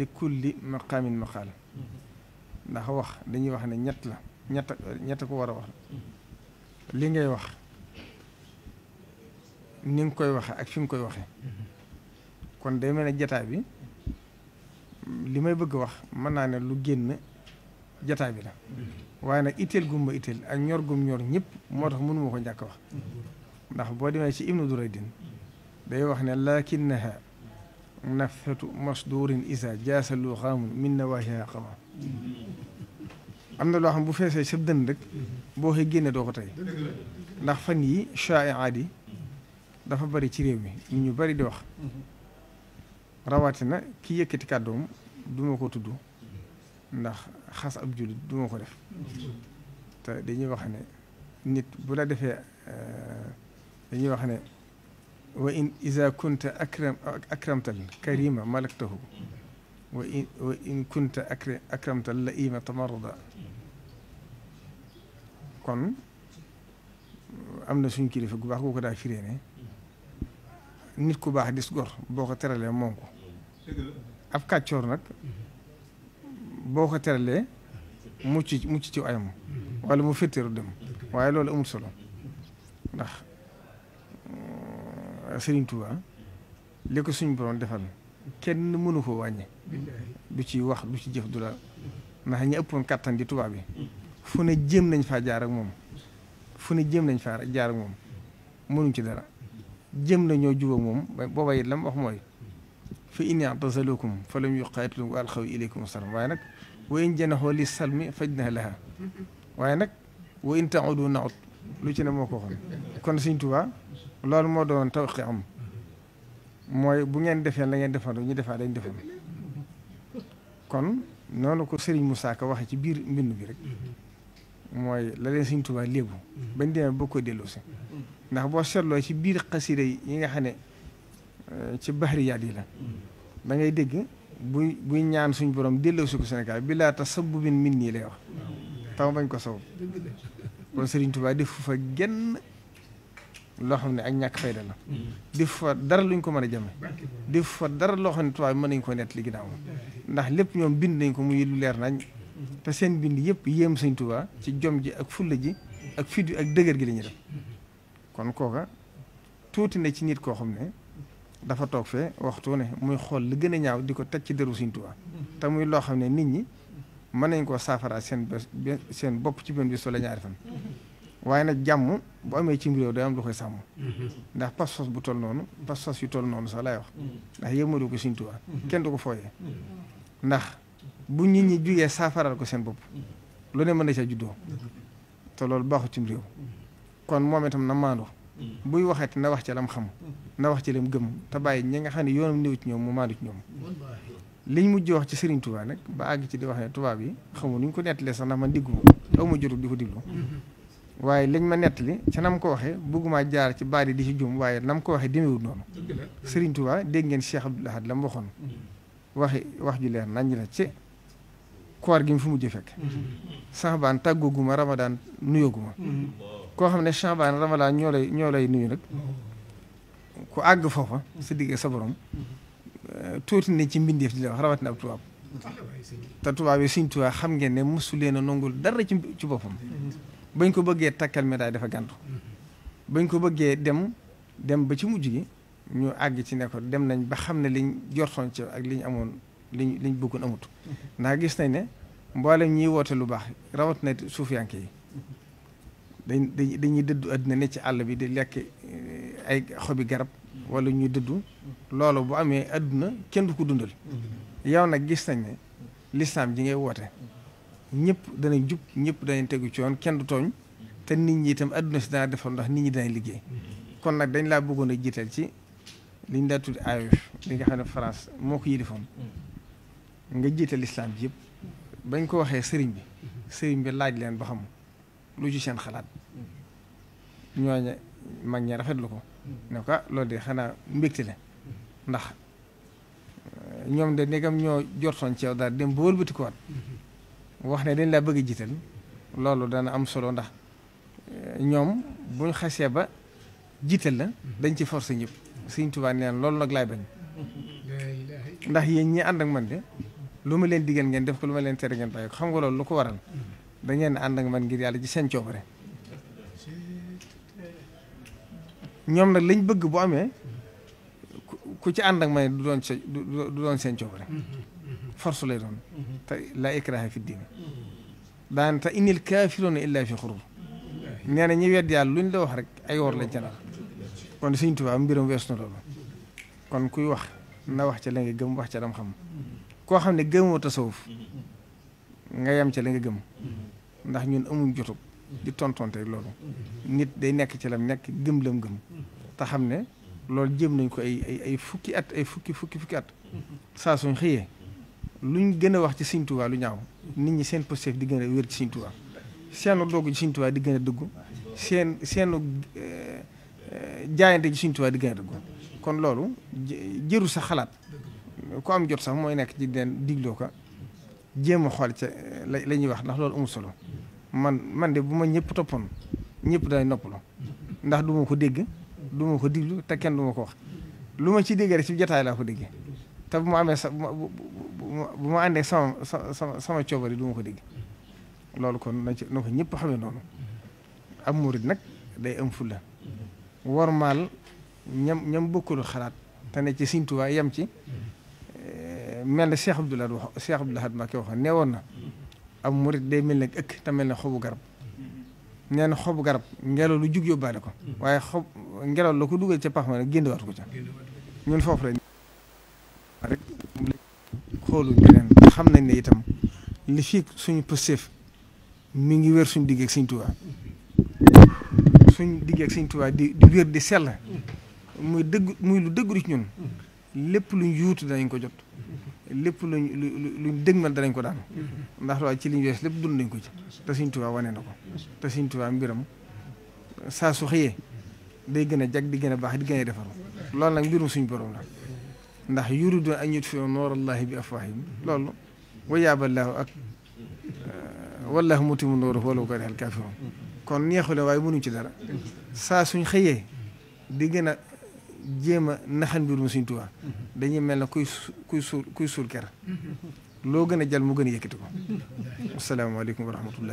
li kulli maqaamin maqaal ndax wax dañuy wax ne ñett la ñett ñett ko war a wax li ngay wax ni nga koy waxe ak fi nga koy waxe kon day mel ne jataay bi li may bëgg a wax mën naa ne lu génn jataa bi la waaye nag itteel gum ma ak ñor gum ñor ñëpp moo tax mënuma ko njàkk wax ndax boo demee ci ibnu duraydin day wax ne lakinnaha nafatu masdurin isa jaasalu xaamun min nawaahiha xama am na loo xam bu feesee sab dënn rek boo xëy génne doo ko tey ndax fan yi shaaiaat yi dafa bari ci réew mi nit ñu bari di wax rawatina ki yëkkati kàddoom duma ko tudd ndax xas ab jullit duma ko def te dañuy wax ne nit bu la defee dañuy wax ne wa in ida kunta akram akramtal karima malaktahu wa in in kunta akramtal la ima kon am na suñ kilifa gu baax goo ko daa firee nit ku baax dis gor boo ko teralee moom ko ab nag boo ko teralee mucc mucc ci ayam mm-hmm. wala mu féttéeru dem waaye loolu amul solo ndax سرين توا ليكو سن برون دفن كن منو هو واني بتشي واحد بتشي جف دولا ما هني أبون كابتن دي توا بي فن الجيم نج فجارة موم فن الجيم نج فجارة موم منو كده را جيم نج جوا موم بابا يلام أحمي في إني أعتزلكم فلم يقاتلوا والخوي إليكم السلام وينك وإن جنحوا للسلم فجنها لها وينك وين تعودوا نعود لو كان موكو خون سين توا loolu moo doon tawqi am mooy bu ngeen defee la ngeen defandoo ñu defaa dañ defandoo kon noonu ko sëriñ mu Ka waxee ci biir mbindu bi rek mooy la leen Serigne Touba léebu bañ demee boo ko delloosi ndax boo seetloo ci biir xasida yi nga xam ne euh, ci bahriyaat yi la da ngay dégg bu buy ñaan suñ borom delloosi ko Sénégal bi laa tax sabubin mbind nii lay wax taw bañ ko saw kon Serigne Touba def fa genn loo xam ne ak ñàkk fayda la mm. def fa dara luñ ko mën a jame def fa dara loo xam ne tubaab mën nañ koo nettali li ginnaaw ndax lépp ñoom bind nañ ko muy lu leer nañ te seen bind yëpp yéem sëñ Tuubaa ci jom ji ak fulla ji ak fit bi ak dëgër gi lañu ñuy kon kooka tuuti na ci nit koo xam ne dafa toog fee waxtu ne muy xool li gën a ñaaw di ko teg ci dëru sëñ Tuubaa te muy loo xam ne nit ñi mën nañ koo saafara seen seen bopp ci benn bi wala ñaari fan waaye nag jàmm bu amee ci réew day am lu koy sàmm mhm. ndax pas-pas bu toll noonu pas-pas yu toll noonu sax laay wax ndax yëmmalu ko Sëriñ Tuubaa mhm. kenn du ko fooyee mhm. ndax bu nit ñi jugee saafaral ko seen bopp lu ne mën na ca juddoo loolu baaxu ci kon moom itam na maandoo buy waxati na wax ci xam na wax ci lam gëm te bàyyi ñi nga xam ne yoonam néew ci ñoom mu maandu ci ñoom liñ mujj wax ci Serigne Touba nag ba àgg ci di wax ne tubaab yi xamul nu ñu ko nettalee sax ndax man diggu aw ma jotul di ko diglu waaye liñ ma nettali ca nam ko waxee bëgguma jaar ci baari di ci jum waaye nam ko waxee demeewul noonu Serigne Touba dégg ngeen Cheikh Abdoul Ahad la mu waxoon mm-hmm. waxi wax ju leer nañ na ci koor gi mu fi mujj fekk Saxbaan mm-hmm. tàggooguma Ramadan nuyooguma mm-hmm. koo xam ne Saxbaan Ramadan ñoo lay ñoo lay nuyu rek ku àgg foofa sa digg sa borom tuuti ne ci mbindeef di la wax rawatina ab tubaab ah, te tubaab yi Serigne xam ngeen ne mosu leen a nongul dara ci ci boppam bañ ko bëggee takkal médaille dafa gàntu bañ ko bëggee dem dem ba ci mujj gi ñu àgg ci ne ko dem nañ ba xam ne liñ jortoon ci ak liñ amoon liñ liñ bëggoon amut ndax gis nañ ne mboolem ñiy woote lu baax rawat na suufiyanke yi dañ dañuy dëddu àddina ne ci àll bi di lekk eh, ay xobi garab wala ñuy dëddu loolu bu amee àdduna kenn du ko dundal mm-hmm. yow nag gis nañ ne lislaam ji ngay woote ñépp danañ jub ñëpp danañ tegu ci yoon kenn du tooñ te nit ñi itam àdduna si dana defal ndax nit ñi danañ liggéey kon nag dañ laa bëggoon a jiital ci liñ ñu daa tudd AOF li nga xam ne France moo ko yilifoon nga jiital islam bi yëpp bañ ko waxee sëriñ bi sëriñ bi laaj leen ba xam lu ci seen xalaat ñooña mag rafet lu ko ne ah, loolu de xanaa mbégte la ndax eh, ñoom de ndegam ñoo jortoon ci yow daal dem ba wëlbatikuwaat wax ne dañ laa bëgg a jiital loolu dana am solo ndax eh, ñoom buñ xasee ba jiital la dañ ci force ñëpp Sëriñ Tuubaa nee loolu nag laay bañ ndax yéen ñi ànd ak man de lu ma leen digal ngeen def ko lu ma leen tere ngeen bàyyi xam nga loolu lu ko waral da ngeen ànd ak man ngir yàlla ci seen coobare ñoom nag lañ bëgg bu amee ku ci ànd ak man du doon du doon seen coobare force lay doon mhm. te laa ikraha fi diin mhm. daan te innil kaafiroona illaa fi xurur nee na ñi wedd yàlla luñ la wax rek ay wor lañ ca nar kon Sëñ Tuubaa mbiram wees na loolu kon kuy wax na wax ca la nga gëm wax ca dam mhm. koo xam ne gëmoo tasawuf yem ca la nga gëm ndax ñun amuñ jotub di tontonte loolu nit day nekk ci lam nekk gëm lam gëm te xam ne loolu jëm nañ ko ay ay ay fukki fukki fukki fukki at saa suñ xëyee ñu gën a wax ci Sëñ Tuubaa lu ñaaw nit ñi seen positif di gën a wér ci Sëñ Tuubaa seenu dogg ci Sëñ Tuubaa di gën a dëggu seen seenu eh, eh, jaayante ci Sëñ Tuubaa di gën a dëggu kon loolu jëru sax xalaat ku am jot sax mooy nekk ci den digloo ko jéem a xool ca eh, la la ñuy wax ndax loolu amul solo man man de bu ma ñëpp toppoon ñëpp day noppalu ndax du ma ko dégg du ma ko diglu te kenn du ma ko wax lu ma ci dégg rek ci jotaay laa ko déggee te bu ma amee sax bu ma àndee sama sama sama coobar duma ko dégg loolu kon nañ ci na ko ñëpp xamee noonu am murit nag day am fulla wormaal ñam ñam bokkul xalaat te ne ci Sëriñ Tuubaa yem ci eh, mel na Cheikh du Ahad wax Cheikh Abdoul Ahad Mbacké wax nee woon na am murit day mel ne ëkk te mel ne xobu garab nee na xobu garab ngelaw lu jug yóbbaale ko mm-hmm. waaye xob ngelaw la ko dugal ca pax ma ne génn waatu ko ca ñun foofu la xooluñu leen xam nañ ne itam li fi suñu pësteef mu ngi wér suñu digg ak Sëñ Tuubaa suñu digg ak Sëñ Tuubaa di di wér di sell muy dëgg muy lu dëggu ci ñun lépp luñ yuutu danañ ko jot lépp luñ luñ dëgmal danañ ko daan ndax waaye ci liñ wees lépp dund nañ ko ci te Sëñ Tuubaa wane na ko te Sëñ Tuubaa mbiram saa su xëyee day gën a jag di gën a baax di gën a defaru loolu nag mbirum suñu borom la ndax yuridu an yutfiu noorallahi bi afwahim loolu wa yaaballahu ak wallahu mutimu nooruhu walaw kariha alkaafiruun kon neexule la waaye mënuñ ci dara saa suñ xëyee di gën a jéem a naxan mbirum suñ Tuubaa dañuy mel na kuy kuy suul kuy suul ker loo gën a jal mu gën a yëkkati ko asalaamaaleykum wa rahmatullahi